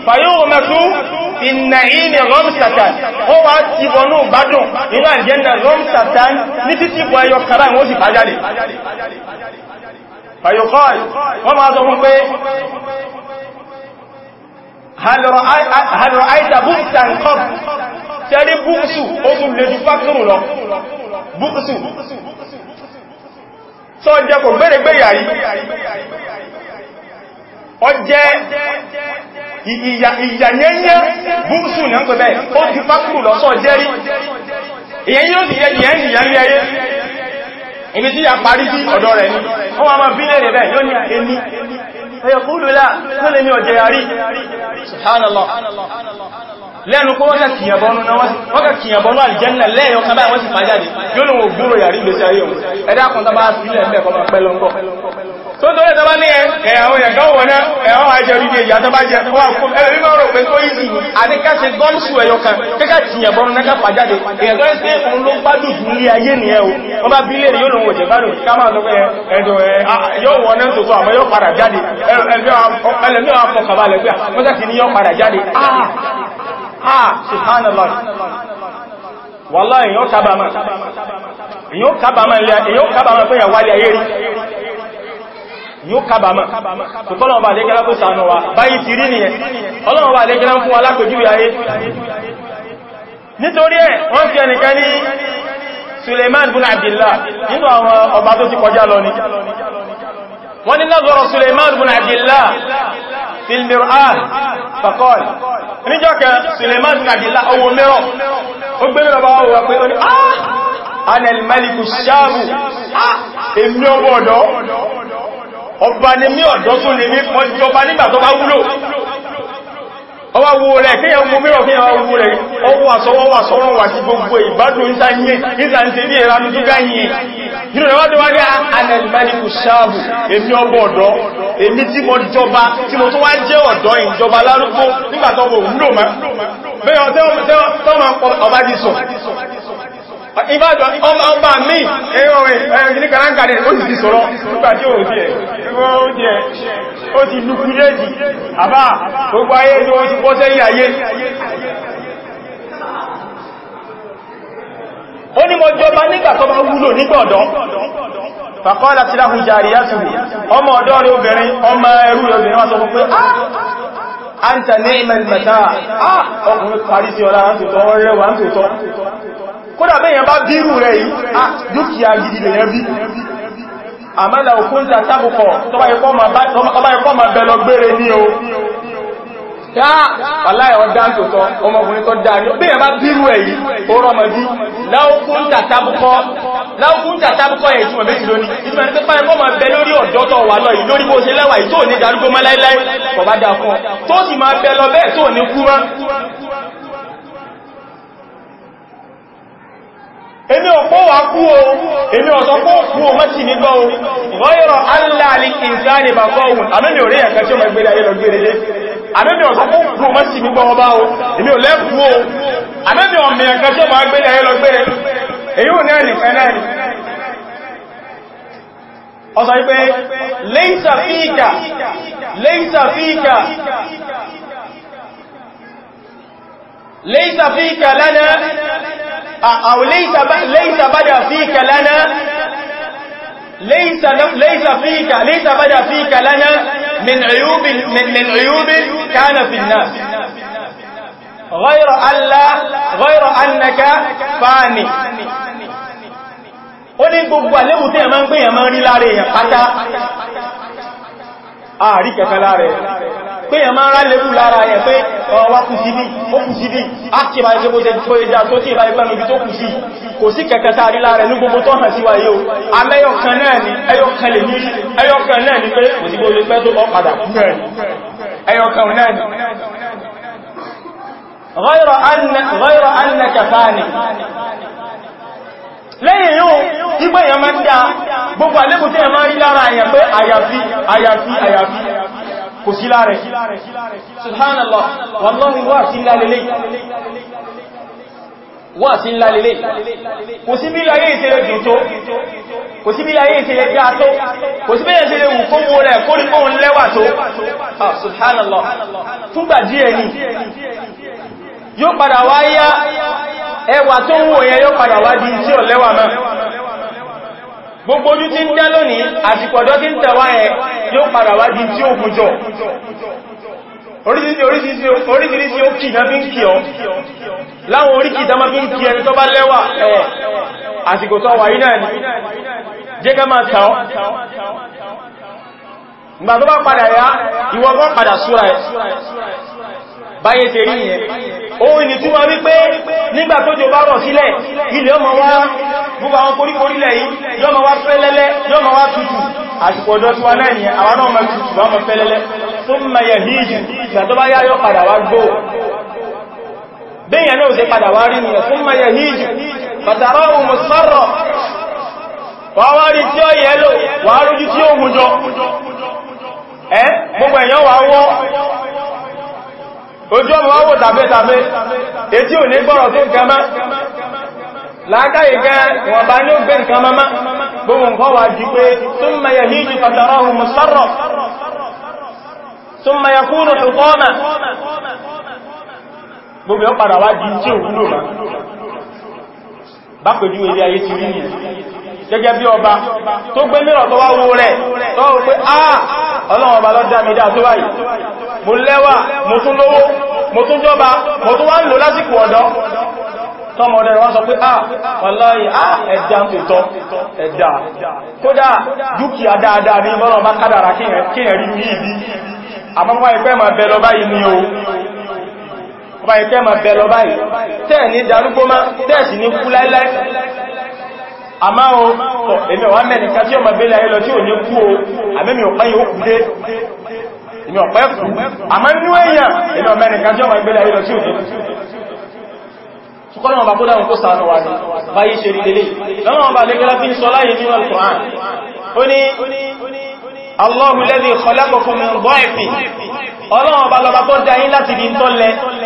fàyíwòmẹ́sú ìnàíni rọ́msàtàn ó wá ti wọnú gbádùn inú àjẹ́nà rọ́msàtàn ní títí bọ̀ ẹyọ kàrá ìwọ́n sì fàájálè fàyíkọ́ì wọ́n máa sọ fún pé hàlọ̀rọ̀ àìta búùsàn kọ́p tẹ́rí búùsù ó tún lè ju fákìrù lọ búùsù tó jẹ́ kò gbẹ́rẹ̀gbẹ́ yàrí ọjẹ́ ìyànyẹ́nyẹ́ búúsù ní ọgbẹ̀ bẹ́ẹ̀ ó ti fákùrù lọ́sọ̀ jẹ́rí ìyẹn yóò sì yẹ ìyẹn ìyẹn rí ayé ibi tí a parí sí ọ̀dọ̀ rẹ̀ ní wọ́n máa bí lẹ́rẹ̀ bẹ́ẹ̀ yóò ní ẹ̀yọ̀kúrò lá tó lè ní ọjẹ́ àrí ṣùhánàlá lẹ́nu kó wọ́n kà kìyànbọnú àlìjẹ́nà lẹ́yọ kan báyìí wọ́n sì fàájáde yóò lòun ògbúrò yàrí ìgbésí ayé òun ẹ̀dá kan tàbá sílẹ̀ ẹ̀mẹ́ kọmọ pẹ́lọ ń bọ̀ tó tó ẹ̀tọ́ bá ní ẹ̀ àwọn ẹ̀gá wọ̀ná ẹ̀họ́ àjẹ́ orí ilé ìyàtọ́ bá jẹ́ ẹ̀rẹ́mọ́ rò pé tó yìí àdíká ṣe gọ́ọ̀sù ẹ̀yọ kan kíkà tìyànbọnú náà pàjáde ẹ̀yàn tó ń pé òun ló gbádùn jù ní ayé ni ẹ̀ o wọ́n bá bí lè yóò lòun òjẹ̀ gbádùn ẹlẹ́mí àwọn afọkàbalẹ̀ pé ah, wọ́n tẹ́kì ní yọ padà jáde ah, ah subhanallah wàlá èyàn kábàmà èyàn kábàmà èyàn kábàmà pé yàn wálé ayé rí yóò kábàmà tó tọ́lọ̀ bá lẹ́gẹ́lá kó sànà wa báyìí ti rí nìyẹn ọlọ́run bá wọ́n ni lọ́zọ̀rọ̀ suleiman bin abdullah filmir'an fakọ́l níjọ́kẹ́ suleiman bin abdullah owó mẹ́rọ ó gbé mẹ́rọ bá wọ́n wà pé ó ní anel maliku ṣáàbù èmi ọwọ́ ọ̀dọ́ ọba ni mí ọ̀dọ́ tó lè mí ọjọba nígbà tó bá wúlò ọwá wo rẹ̀ kíyàn mú mẹ́rọ fi hàn owó rẹ̀ ọwọ́ àsọwọ́wà sọ́rọ̀ wà sí gbogbo ìbádùn ìtànyẹ ìtàntẹ̀ bí ìranu tó gáyìí nínú rẹ̀wọ́n tó wá ní anàlìmáníkù sáàbù èmi ọbọ̀ ọ̀dọ́ èmi tí mo jọba tí mo tó wá jẹ́ ọ̀dọ́ ìjọba lárúgbó nígbàtọ́wọ̀ òun lò mẹ́ ìbájọ́ ọba mi ẹ̀rọ̀wẹ̀ ẹ̀rìn kàránkàrẹ̀ ó sì ti sọ̀rọ̀ nígbàtí ó jẹ́ oúnjẹ ó ti lùkúrẹ́jì àbá gbogbo ayé tó ó ti pọ́sẹ́ ìyàyé ó ní mọ́ jọba nígbà wúlò nígbọ̀dọ́ fàkọ́lá láhùn jàrí kódà bẹ́yàn bá bírù rẹ̀ yìí a dúkìá gidi lè yẹn bí àmàlà òkú ń ta sábùkọ̀ tọ́bá ikọ́ ma bẹ̀lọ gbére ní o yáà aláyọ̀ dán tó tọ́ ọmọkùnrin tó dáa ní bẹ́yàn bá bírù ẹ̀ yìí ó rọmọdí láòkú ń ta sábùkọ̀ ẹ̀ ìtumọ̀ méjì lónìí ìtumọ̀ ní pípa ẹ̀kọ́ ma bẹ lórí ọ̀dọ́ tó wà lọ yìí lórí bó ṣe lẹ́wà yìí tó ní darúgbó mọ́ láíláí kọ̀bá dáa fún ọ tó sì ma bẹ lọ bẹ́ẹ̀ tó ní kú mọ́ èmi ọ̀pọ̀ wà kú o èmi ọ̀sọ̀pọ̀ kú o mọ́sí nígbọ́ o gọ́yọ̀rọ̀ aláàlì ìsáàlì bà kọ́ ohun àmẹ́mì orí ẹ̀kẹ́ tí ó mọ̀ ìgbèrè ayé lọ gbèrè lé àmẹ́mì ọ̀sọ̀pọ̀ kú o mọ́sí nígbọ́ ọba o èmi ò lẹ́kú o àmẹ́mì ọmọ ẹ̀kẹ́ tí ó mọ̀ ìgbèrè ayé lọ gbèrè èyí ò náà nìkan náà ni ọ̀sọ̀ ìpé lẹ́yìn sàfíìkà lẹ́yìn sàfíìkà ليس فيك لنا أو ليس ليس بدا فيك لنا ليس ليس فيك ليس بدا فيك لنا من عيوب من, من عيوب كان في الناس غير ألا غير أنك فاني ó ní gbogbo àlébù tí ẹ̀mọ́ ń pè ẹ̀mọ́ rí láàrin ẹ̀yàn pátá àrí kẹ̀kẹ́ pé yẹn máa rálẹ̀kù lára ẹ̀ pé ọwá kù sí bí ó kù sí bí á ti bá ẹgbẹ́ bóṣe tó ẹja tó tí ìbá ìpẹ́nu ibi tó kù sí kò sí kẹ̀kẹ́ sáàrí lára ní gbogbo tó hàn sí wa yóò amẹ́yọkan náà ni ẹyọkan lè ní ẹyọkan náà ni pé kò sí bó lè pẹ́ tó padà lẹ́yìn yóò igbé èèyàn gbogbo àlékù tí rí lára àyàn pé àyàfi kò sí láàrẹ̀ subhanallah wallahi wà sí lálẹ́lẹ́ wà sí lálẹ́lẹ́ kò sí bí láyé ìṣẹ́lẹ̀ jù tó kò sí bí láyé ìṣẹ́lẹ̀ já tó kò sí bẹ́yẹ̀ ìṣẹ́lẹ̀ wù kó mú rẹ̀ kó rí kóhun lẹ́wà tó ah, subhanallah gbogbo ojú tí ń dá lónìí àsìkọ̀dọ́ tí ń tẹ̀wá ẹ yóò padà wá di tí ó gùnjọ oríṣìíríṣìí ó kìí náà fi ń kí ọ láwọn oríkìí dámá fi ń kí ẹni tó bá lẹ́wà ẹ̀ àsìkò tó wà náà ni jẹ́ ká máa tàọ́ ìgbà tó bá padà yá ìwọ̀gbọ́n padà súra ẹ̀ báyé ṣe rí yẹn ohun ìní túnmọ̀ wípé nígbà tó jò bá rọ̀ sílẹ̀ ilẹ̀ ọmọ wá gbogbo àwọn koríkorílẹ̀ yìí yọ́mọ wá fẹ́lẹ́lẹ́ yọ́mọ wá tutù àsìkò ọ̀dọ́ tí wá náà ni àwọn náà mọ̀ tutù wọ́n mọ̀ fẹ́lẹ́lẹ́ tó mọ̀ yẹ̀ hìíjù ìgbà tó bá yá yọ́ padà wá gbó bẹ́yẹn náà ṣe padà wá rí nìyẹn tó mọ̀ yẹ̀ hìíjù pàtàrà ohun mọ̀sọ́rọ̀ wà wá rí tí ó yẹ lò wà á rójú ojú ọmọ wọ́wọ́ tàbẹ́tàbẹ́ etí ò ní gbọ́rọ̀ tó nǹkan má láàkáyì kan wọ̀n bá ní ó gbé nǹkan má gbogbo nǹkan wà jí pé thumma yahiju fatarahu musfarran thumma yakunu hutama gbogbo ọ padà wá gẹ́gẹ́ bí ọba tó gbé mìíràn tó wá wó rẹ̀ tó wó pé ah ọlọ́wọ̀n bá lọ́dá mi dáa tó wáyìí mo lẹ́wà mo tún lówó mo tún jọba mo tún wá ń lò lásìkò ọ̀dọ́ tọ́mọdé wọ́n sọ pé ah wàláyé ah ẹ̀dà ń tòótọ́ ẹ̀dà kódà dúkìá dáadáa ní mọ́ràn bá kádàrà kí ma bẹ lọ báyìí ni ma bẹ lọ báyìí tẹ́ẹ̀ ní darúgbó àmá o èmi ọ̀wá mẹ́rin ká tí ọmọ bẹ́lẹ̀ ayé lọ tí ò ní kú o àmẹ́mi ọ̀pá yóò kú dé èmi ọ̀pá ẹ̀kù àmá nínú èèyàn èmi ọmọ mẹ́rin ká tí ọmọ bẹ́lẹ̀ ayé lọ tí ò ní ṣùkọ́nà ọba bódá kó sàánà wà ní báyé ṣe rí lélẹ̀ lọ́nà ọba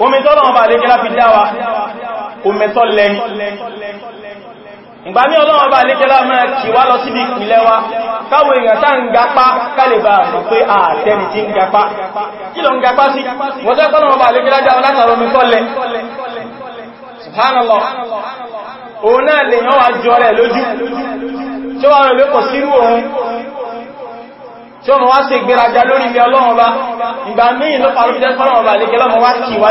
omi tọ́lọ́run ọba lẹ́gẹ́lá fi dáwà omi tọ́lẹ̀ ìgbà ní ọlọ́run bá lékẹ́lá máa kì wá lọ síbi ìpìlẹ̀ wa káwọn èèyàn tá ń gapá kálẹ̀bà mọ̀ pé àtẹni tí ń gapá kí lọ ń gapá sí wọ́n tẹ́ kọ́lọ́run bá lékẹ́lá subhanallah òun náà lè yán wa jọ rẹ̀ lójú tí wọ́n rẹ̀ lókọ̀ sírú òun tí wọ́n wá sí ìgbéraga lórí ilé ọlọ́run bá ìgbà míì ló parí jẹ́ fọ́nà bá lékẹ́lá mọ́ wá kì wá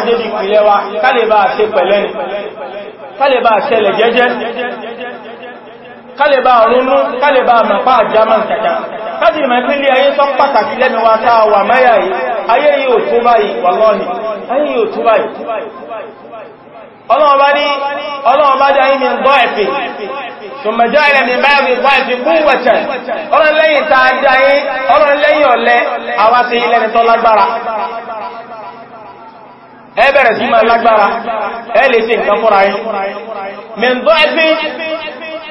kálẹ̀bá ronú kálẹ̀bá mọ̀pá àjámọ̀ kẹta kájìlì mọ̀ ìpínlẹ̀ ayé tán pàtàkì lẹ́nuwa táa wà mẹ́yà yìí ayé yìí tó báyìí wà lọ́nìí ayé yìí tó báyìí ọlọ́wọ́ dá ìmìn dọ́ẹ̀fì ṣùgbọ́n jẹ́ ìrẹ̀mì báyìí dọ́ẹ̀fì kún wẹ̀tẹ̀ ọlọ́lẹ́yìn tààjáyé ọlọ́lẹ́yìn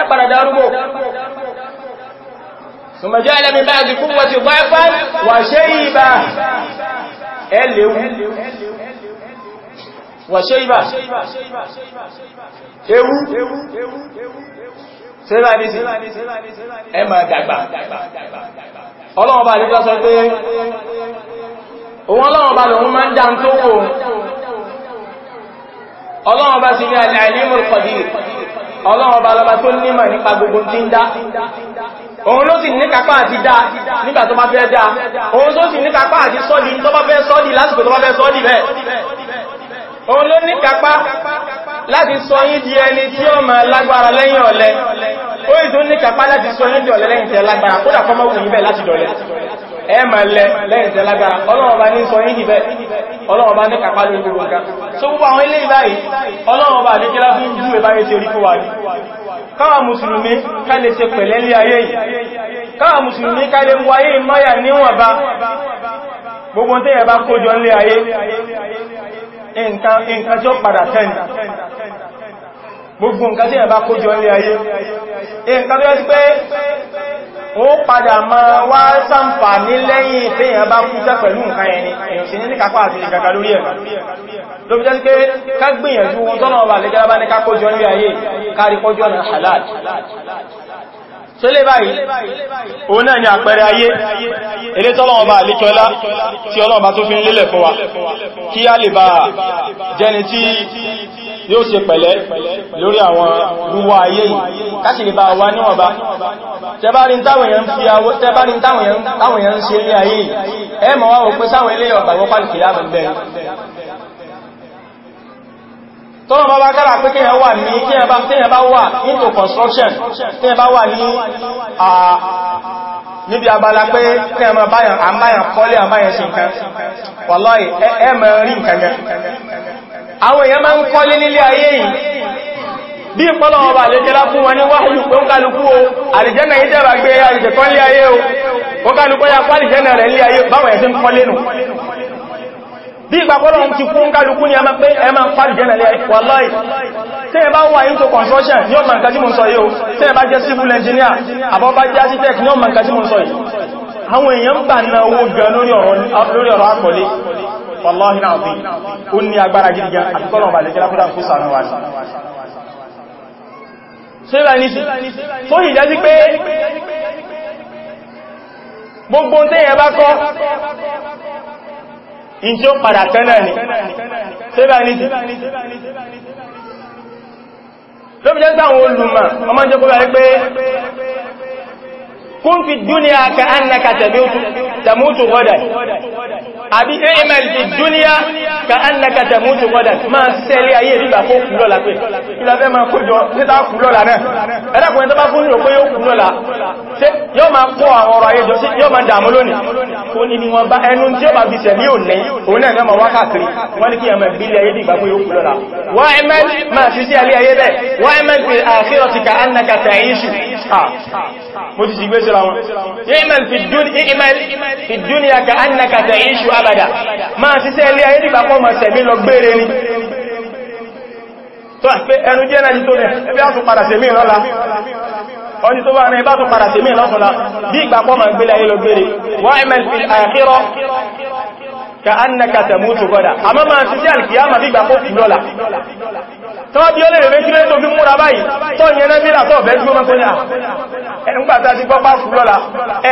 ẹ padà darúgbó sọmọjá ẹlẹ́mi bá ẹgbẹ̀ fún wọ́n ti wá ẹfà wà ṣe ìbá ẹ léwu wà ṣe ìbá ewu sẹ́lá ní sí ẹ ma dàgbà ọlọ́wọ́n bá nípa sọ pé òun ọlọ́wọ́n bá lòun máa ń dá ń tó wò ọlọ́wọ́n bá sí ní al-alimul ọlọ́run ọba lọba tó nímọ̀ nípa gbogbo tí ń dá òun ló sì ní kápá àti dá nígbà tó bá fẹ́ dá òun tó sì ní kápá àti sọ́dí tó bá fẹ́ sọ́dí lásìkò tó bá fẹ́ sọ́dí bẹ́ẹ̀ òun ló ní kápá láti sọ yín di ẹni tí ó máa lágbára lẹ́yìn ọ̀lẹ ó ìtò ní kápá láti sọ yín di ọ̀lẹ lẹ́yìn tẹ́ lágbára kódà fọ́mọ́wù yín bẹ́ẹ̀ láti dọ̀lẹ ẹ máa lẹ lẹ́yìn tẹ́ lágbára ọlọ́run ọba ní sọ yín di bẹ́ẹ̀ ọlọ́run bá ní kàpá lórí gbogbo nǹkan so gbogbo àwọn ilé ìbáyìí ọlọ́run bá ní kílá fi ń jú ìbáyé tí orí fún wa ní káwà mùsùlùmí ká lè ṣe pẹ̀lẹ́ lé ayé yìí káwà mùsùlùmí ká lè wáyé ìmáyà níwọ̀nba gbogbo tẹ́yẹ bá kójọ lé ayé nǹkan tí ó padà tẹ́ni gbogbo nǹkan tẹ́yẹ bá kójọ lé ayé nǹkan tó yẹ ó padà máa wá sàǹfà ní lẹ́yìn tí èyàn bá kú tẹ́ pẹ̀lú nǹkan ẹni èyàn sí ní kápá àti ìkàkà lórí ẹ̀ ló fi jẹ́ pé ká gbìyànjú ohun tọ́nà ọba lẹ́gẹ́lábá ní ká ní ayé kárí kójọ ní halal tó lé báyìí òun náà ni àpẹẹrẹ ayé ilé tọ́lọ́wọ́n bá àlíkọ́lá tí ọlọ́wọ́n bá tó fi ń lélẹ̀ fún wa kí a lè bá jẹni tí yóò ṣe pẹ̀lẹ́ lórí àwọn rúwà ayé yìí káṣì lè bá wá níwọ̀nba tẹbárin táwọn èèyàn ń ṣe ní ayé tọ́nà bá bá kára pé kí ẹ wà ní kí ẹ bá tí ẹ bá wà construction tí ẹ bá wà ní níbi abala pé kí ẹ ma báyàn àmáyàn kọ́lé àmáyàn sí nǹkan ẹ mọ̀ rí nǹkan gẹ àwọn èèyàn máa ń kọ́lé nílé ayé yìí bí ìpọ́lọ̀ ọba àlejẹ́lá fún wọn ní pé ó kálukú o jẹ́bà gbé ayé o ó kálukú ya rẹ̀ bí ìpapọ́lọ̀ ń ti fún kálukú ní ẹ máa wàláì tí ẹ bá wà into construction ní ọmọ nǹkan tí mo ń sọ yóò tí ẹ bá jẹ́ civil engineer àbọ́bá jẹ́ architect ní ọmọ nǹkan tí mo ń sọ yìí àwọn èèyàn ń bà ná owó gan lórí ọ̀rọ̀ akọ̀lé wàláì náà gidi gan àtikọ́lọ̀ ọ̀bà lẹ́jẹ́ lápúdà fún sànú wa ṣẹ́ra ní sí tẹ́yẹ bá kọ́ in tí ó ni, kẹ́nà ni ni, ni, ni, tẹ́bà ní ti lóbi jẹ́ sáwọn olùmọ̀ ọmọ jẹ́ kó rẹ̀ pé كن في الدنيا كأنك تموت غدا أبي اعمل في الدنيا كأنك تموت غدا ما سيلي أيه ريبا كو كلولا كي إلا في ما كجو نتا كلولا نه أنا كنت بقول لك يو كلولا yóò máa kó àwọn ọ̀rọ̀ ayé jọ sí yóò máa dàmú lónìí kò ní ni wọ́n bá ẹnu tí ó bá bí sẹ̀lí ò ní òun náà náà wákàtí wọ́n mo ti ṣìgbé síra wọn ìmẹ̀l fi dúnìyà ka annaka ta'ishu abada máa ṣiṣẹ́ ilé ayé nígbà pọ́ ma sẹ̀mí lọ gbére ni tó pé ẹnu jẹ́ náà jí tó rẹ̀ ẹbí á tún padà sẹ̀mí lọ́la ọdí tó bá rẹ̀ bá tún padà sẹ̀mí lọ́tọ̀lá bí ìgbà pọ́ ma gbélé ayé lọ gbére wá ìmẹ̀l fi tọ́wọ́ bí ó lè rẹ̀ kílé tó fi múra báyìí tọ́ ìyẹnẹ́ bí látọ̀ bẹ́ gbọ́mọ́ tó yà ẹ̀nùgbàtà ti gbọ́pá fúlọ́la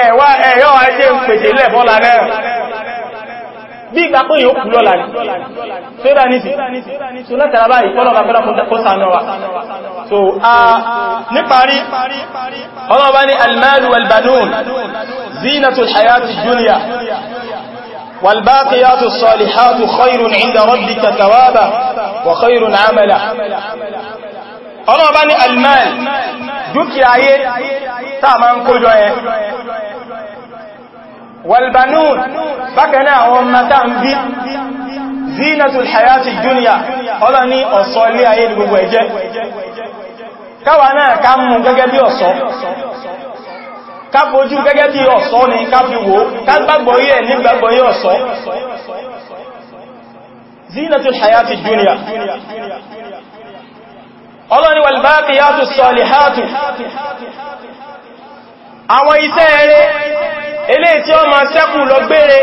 ẹ̀wà ẹ̀yọ́ ajé ń pèsè ilẹ̀ bọ́la náà bí ìgbà pé yóò kúlọ́la ní fẹ́rà ní sí látara báyìí kọ́lọ́bà fẹ́rà kó sànà wa so a níparí ọlọ́bà ní almalu walbanun zinatul hayati dunya والباقيات الصالحات خير عند ربك ثوابا وخير عملا ọlọ́ọ̀bá ní almal dúkìá ayé táà máa ń kójọ ẹ walbanun bákanáà àwọn ọmọ táà ń bí zinatul hayati duniya ọlọ́ ní ọ̀ṣọ́ ilé ayé gbogbo ẹ̀jẹ́ káwà náà ká mú gẹ́gẹ́ bí ọ̀ṣọ́ káfojú gẹ́gẹ́ bí ọ̀ṣọ́ ni ká fi wò ká gbàgbọ́ yẹ nígbàgbọ́ yẹ ọ̀ṣọ́ zinatul hayati dunya ọlọ́ni walbaqiyatu salihatu àwọn iṣẹ́ eré ilé tí ó máa ṣẹ́kù lọ gbére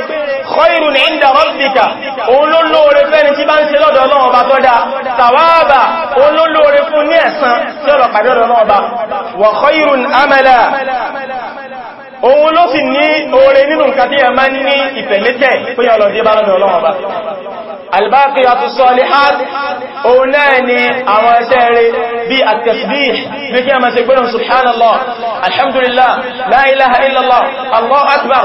khairun inda rabbika òun ló lóore fẹ́ni tí bá ń ṣe lọ́dọ̀ Ọlọ́run bá tọ́dá tàwàbà òun ló fún ní ẹ̀san tí ó lọ pàdé ọ̀dọ̀ Ọlọ́run bá wa khairun amala òun ló sì ní oore nínú nǹkan tí a máa ní ìfẹ̀lẹ́tẹ̀ pé ọlọ́dé bá lọ́dọ̀ ọlọ́wọ́ bá albaqiyatu salihat òun náà ni àwọn ẹsẹ́ rẹ̀ bí at-tasbih bí kí a máa ṣe gbọ́nà subhanallah alhamdulillah la ilaha illallah allahu akbar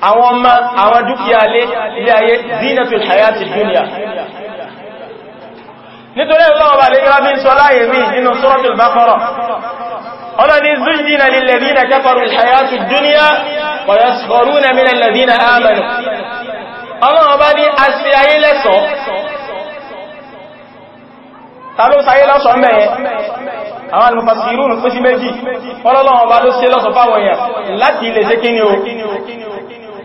àwọn ọmọ àwọn dúkìá lé ilé ayé zinatul hayati dunya nítorí ọlọ́wọ́ bá lè grábí sọ láyé mí nínú suratul baqara ọlọ́ni zuyyina lilladhina kafaru alhayatud dunya wa yaskharuna min alladhina amanu ọlọ́wọ́ bá ní asì ayé lẹ́sọ̀ tàbí sáyé lọ́sọ̀ mẹ́yẹ sí méjì ọlọ́wọ́ bá ló sí lọ́sọ̀ èèyàn láti ilẹ̀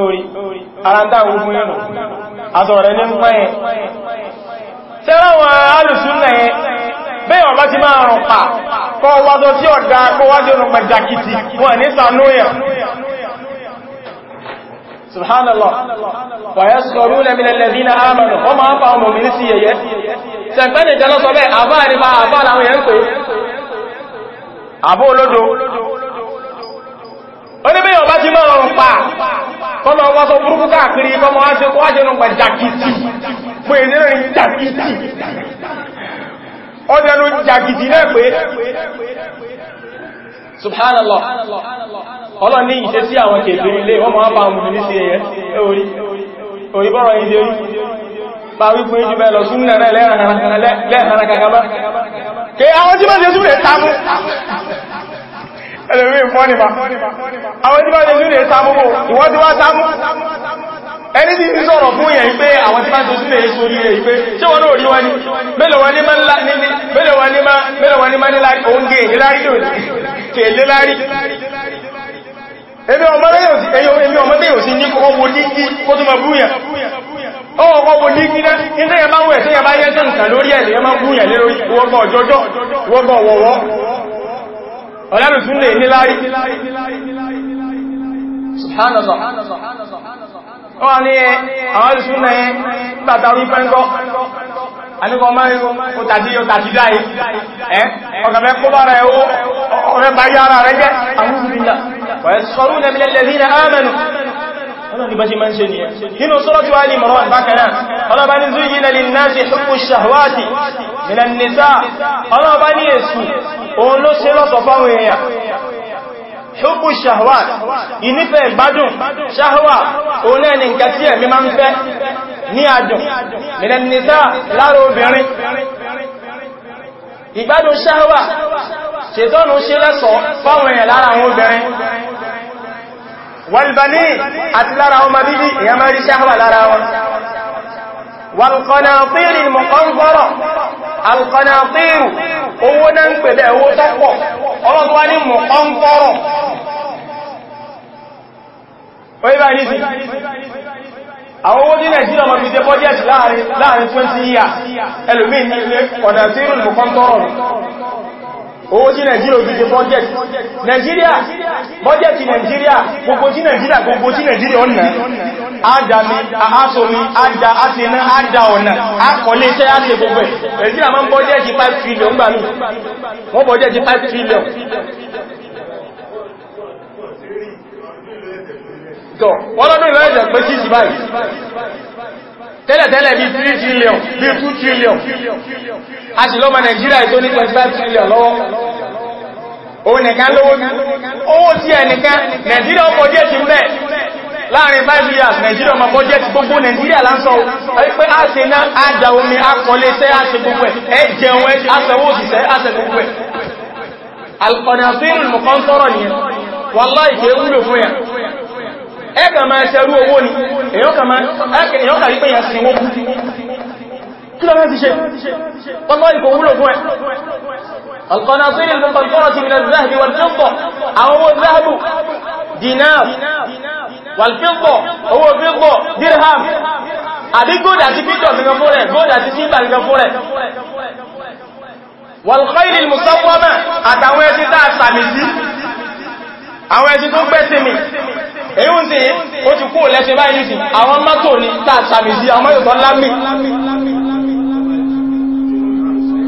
orí aláǹdà ogun ẹ̀nà àtọ̀rẹ̀ ní pẹ́yẹn tẹ́láwọn alùsúnlẹ̀ yẹn bẹ́ẹ̀ ọ̀bá ti máa rùn pa kọ́ wájọ́ tí ọ̀dá kọ́ wájọ́ nù pẹ̀jàkìtì wọ́n ní sànúyàn subhanallah wa yasquruna min alladhina amanu wa ma fa hum min siyaya se pe ni jalo so be aba ni ba aba la won yen oníbẹ̀ ọba ti máa rọrùn pa kọmọ wọ́n sọ burúkú káàkiri kọmọ wá ṣe kọ́wàá ṣe nùgbà jàkìtì pé nílẹ̀ jàkìtì ọdẹnu jàkìtì náà pé subhanallah ọlọ́ ní ìṣẹ́ sí àwọn kèfè ilé wọ́n máa bá mú ní sí ẹyẹ orí orí bọ́rọ̀ ìdí orí bá wípé jù bẹ́ẹ̀ lọ súnmọ́ rẹ̀ lẹ́ẹ̀rẹ̀ kankan mọ́ kí ẹlẹ́wé fọ́nìmá àwọn tí bá lè lúlẹ̀ sámúwò ìwọ́n tí wá sámú ẹni tí sọ̀rọ̀ fún yẹn pé àwọn tí bá tó sílẹ̀ sórí rẹ̀ pé ṣe wọ́n náà rí wọ́n ní mẹ́lọ̀wọ́n ní má nílárí oúnjẹ ìlélárí lórí èmi ọmọ tẹ́yọ̀ sí ní ọwọ́ dígí kó tó ma búyà ọwọ́ ọwọ́ dígí náà ní tẹ́yẹ̀ máa wẹ̀ tẹ́yẹ̀ bá yẹ́ tẹ́ nǹkan lórí ẹ̀lẹ́yẹ máa búyà lórí wọ́gbọ̀ ọjọ́jọ́ wọ́gbọ̀ ọwọ́wọ́ ọ̀lẹ́rùsùn lè nílárí subhanallah ó wà ní àwọn ọlẹ́sùn lè tàtàrí pẹ́ńkọ́ àníkọ máa ń kò tàbí yóò tàbí dáyé ẹ́ ọ̀gẹ̀mẹ́ kó bá rẹ̀ ó ọ̀rẹ́ bá yára rẹ̀ jẹ́ àwọn ìrìnà wẹ̀ ọlọ́ni bá ṣe máa ń ṣe nìyẹn nínú suratu Ali Imran bákanáà ọlọ́bá ní zuyyina lin-nasi hubbu shahawati minan nisa ọlọ́bá ní èsù òun ló ṣe lọ́sọ̀ fáwọn èèyàn hubbu shahawat ìnífẹ́ ìgbádùn ṣahwa òun ẹni nǹkan tí ẹ̀mí máa ń fẹ́ ní àdùn minan nisa lára ṣe lẹ́sọ̀ fáwọn èèyàn lára àwọn obìnrin wàlbàní àti lára ọmọ bíbí ìyá máa rí ṣáhàwà lára wọn wàlkọ̀nàfíìrì mọ̀kànbọ̀rọ̀ alkọ̀nàfíìrù owó náà ń pèlẹ̀ owó tọ́pọ̀ ọlọ́dúnwá ní mọ̀kànbọ̀rọ̀ oríbà ní sí àwọn owó ní nàìjíríà mọ̀ fìdí budget láàrin 20 years ẹlòmí ní ọ̀nà tí ìrùn mọ̀kànbọ̀rọ̀ owó tí nàìjíríà ojú ti project nàìjíríà budget nàìjíríà gbogbo tí nàìjíríà gbogbo tí nàìjíríà ọ̀nà ádámi àásomi ádá àtiná ádá ọ̀nà àkọlé iṣẹ́ àti gbogbo ẹ̀ nàìjíríà máa ń budget 5 trillion gbà mí wọ́n budget 5 trillion tọ́ wọ́n lọ́dún ìwẹ́ ẹ̀jẹ̀ pé 6 báyìí tẹ́lẹ̀tẹ́lẹ̀ bí 3 trillion bí 2 trillion a sì lọ́mọ Nàìjíríà tó ní 25 trillion lọ́wọ́ owó nìkan lówó ní owó tí ẹnìkan Nàìjíríà ọkọ̀ díẹ̀ ti mẹ́ láàrin 5 years Nàìjíríà ọmọ bọ́jẹ́tì gbogbo Nàìjíríà lásán pé a ṣe náà àjà omi akọlẹ́sẹ́ àṣẹ gbogbo ẹ̀ gbogbo ẹ̀ alkọ̀nàfíìrùn ẹ̀ kí lọ mẹ́sí ṣe ọmọ ìkò wúlò fún ẹ القناطير المقنطرة من الذهب والفضة أو الذهب دينار والفضة هو فضة درهم àbí góòdà ti pítọ̀ nìkan fún rẹ̀ góòdà ti sígbà nìkan fún rẹ̀ wàlùkọ́ìlì mùsọ́pọ́mọ̀ àtàwọn ẹṣin tàà sàmì sí àwọn ẹṣin tó gbẹ́sì mi èyí ń sí ó ti kú lẹ́ṣin báyìí sí àwọn mọ́tò ní tàà sàmì sí àwọn mọ́tò lámì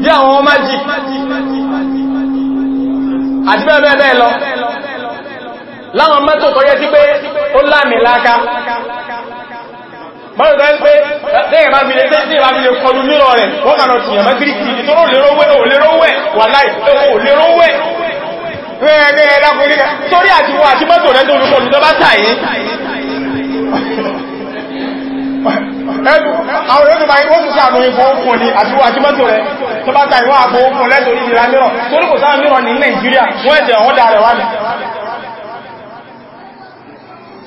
bí àwọn ọmọ májì àti bẹ́ẹ̀ bẹ́ẹ̀ lọ láwọn mẹ́tò tó yẹ sí pé ó láàmì láká bọ́rọ̀ tó ń pé tẹ́yẹ̀ bá bílé tẹ́yẹ̀ bá bílé kọlu mírọ̀ rẹ̀ wọ́n kànà tìyàn mẹ́ gíríkì ìtòrò lérówẹ́ òlérówẹ́ wà láì òlérówẹ́ rẹ̀rẹ̀ ẹ̀dàkùnrin sórí àtiwọ́ àti mọ́tò rẹ̀ tó lùkọlù tó bá tàyí àwọn olóògbà wọ́n tún sàánú ìfọ́ òkùnrin àtiwọ́ àti mọ́tò rẹ̀ tó bá ta ìwọ́n àpò òkun lẹ́tò ní ìlà mìíràn tó ní kò sáà mìíràn ní Nàìjíríà wọ́n ẹ̀sẹ̀ ọ̀dà rẹ̀ wà ní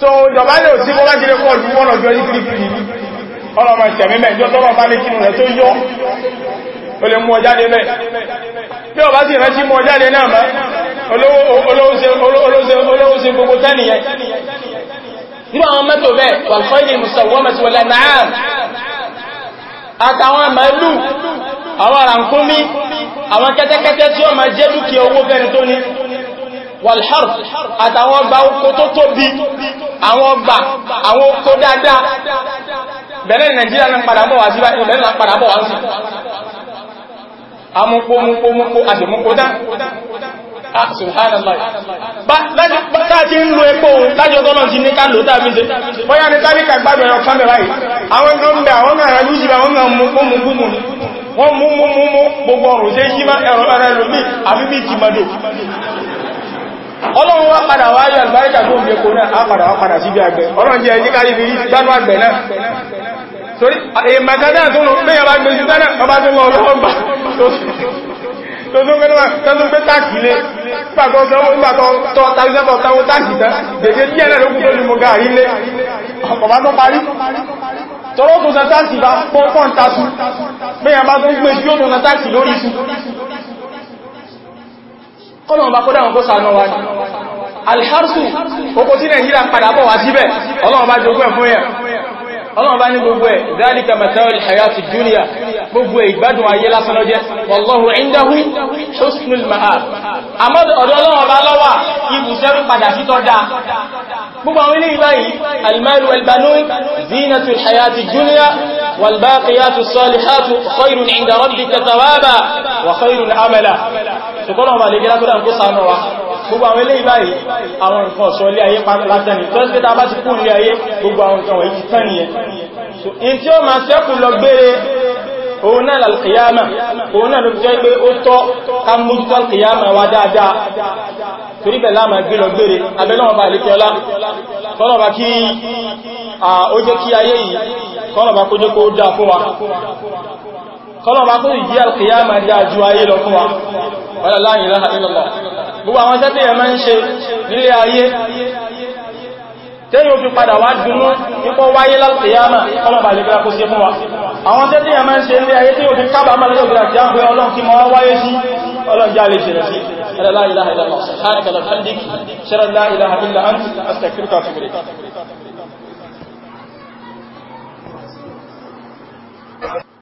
so ìjọba lè sí bọ́lá jílé pọ̀ jù wọ́n lọ́jọ́ ní kìrìkìrì ọlọ́mọ ìṣẹ̀mí mẹ́jọ́ tọ́rọ bá lè kínú rẹ̀ tó yọ́ àwọn ràǹkúnmí àwọn kẹ́tẹ́kẹ́tẹ́ tí ó ma jẹ́ dúkìá owó bẹ́ni tó ní walharf àtàwọn ọgbà oko tó tóbi àwọn ọgbà àwọn oko dáadáa bẹ̀rẹ̀ nàìjíríà náà padà bọ̀ wá sí bẹ̀rẹ̀ náà wá sí amúpómúpómúpó àṣìmúpótá ah, subhanallah láti ń lo epo lájọ tọ́nà ti ní ká tàbí ṣe bóyá ní tàbí kàgbàgbà ẹ̀yọ kámẹ́rà àwọn ọmọ àwọn ọmọ àwọn ọmọ àwọn ọmọ wọ́n mú mú mú mú gbogbo ọrùn tẹ́ yí máa ẹ̀rọ ẹ̀rọ ẹlòmí àbíbí ìtìmọ̀dò ọlọ́run wá padà wá yọ àlùbáríkà tó ń bí náà padà wá padà sí bí àgbẹ̀ ọlọ́run jẹ́ ẹjí tọ́rọ tó san táàkì bá pọ́pọ́n tásù bẹ́yàn bá tó gbé tí ó tó san táàkì lórí isu kọ́nà bá kọ́dá wọn kó sànà wá ní alharsu kòkó tí nàìjíríà padà bọ̀ wá síbẹ̀ ọlọ́run bá jogún ẹ̀ fún ẹ̀ ọlọ́run bá gbogbo àwọn ilé ìbáyìí almalu walbanun zinatu alhayati dunya walbaqiyatu salihatu khairun inda rabbika thawaba wa khairun amala ṣùgbọ́n ọmọ àlejò látọ́dá ń kó sánú wa gbogbo àwọn ilé ìbáyìí àwọn nǹkan ọ̀ṣọ́ ilé ayé bá òun náà lalkiyama òun náà ló fi jẹ́ pé ó tọ́ ká mójútó alkiyama wa dáadáa torí bẹ̀ láàmà gbé lọ gbére abẹ́lọ́wọ̀n bá ìlékẹ́ ọlá kọ́lọ̀bà kí ó jẹ́ kí ayé yìí kọ́lọ̀bà kó jẹ́ kó dá fún wa kọ́lọ̀bà kó ìjí alkiyama dáa ju ayé lọ fún wa wọ́n lá ilaha illallah gbogbo àwọn tẹ́tẹ̀ yẹn máa ń ṣe nílé ayé tẹ́yìn òfin padà wá dúnú nípọ́ wáyé lálùkìyàmà ọlọ́bà lè gbára kó sí fún wa àwọn tẹ́tí ẹ̀mẹ́ ń ṣe ní ayé tí òfin kábà máa lọ́jọ́ gbára jẹ́ àwọn ọlọ́n kí máa wáyé sí ọlọ́jà